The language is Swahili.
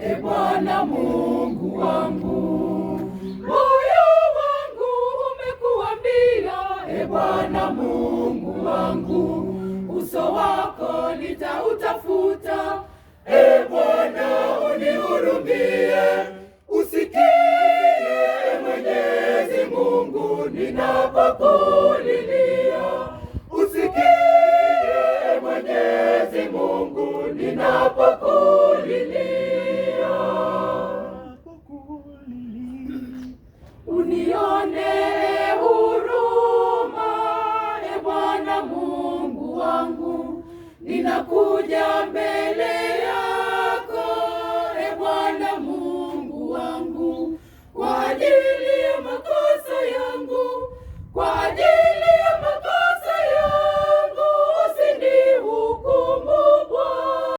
e Bwana Mungu wangu, moyo wangu umekuambia e Bwana Mungu wangu, uso wako nitautafuta e Bwana unihurumie, usikie Mwenyezi Mungu ninapokulilia, usikie Mwenyezi Mungu ninapokulilia unionee huruma, e Bwana Mungu wangu, ninakuja mbele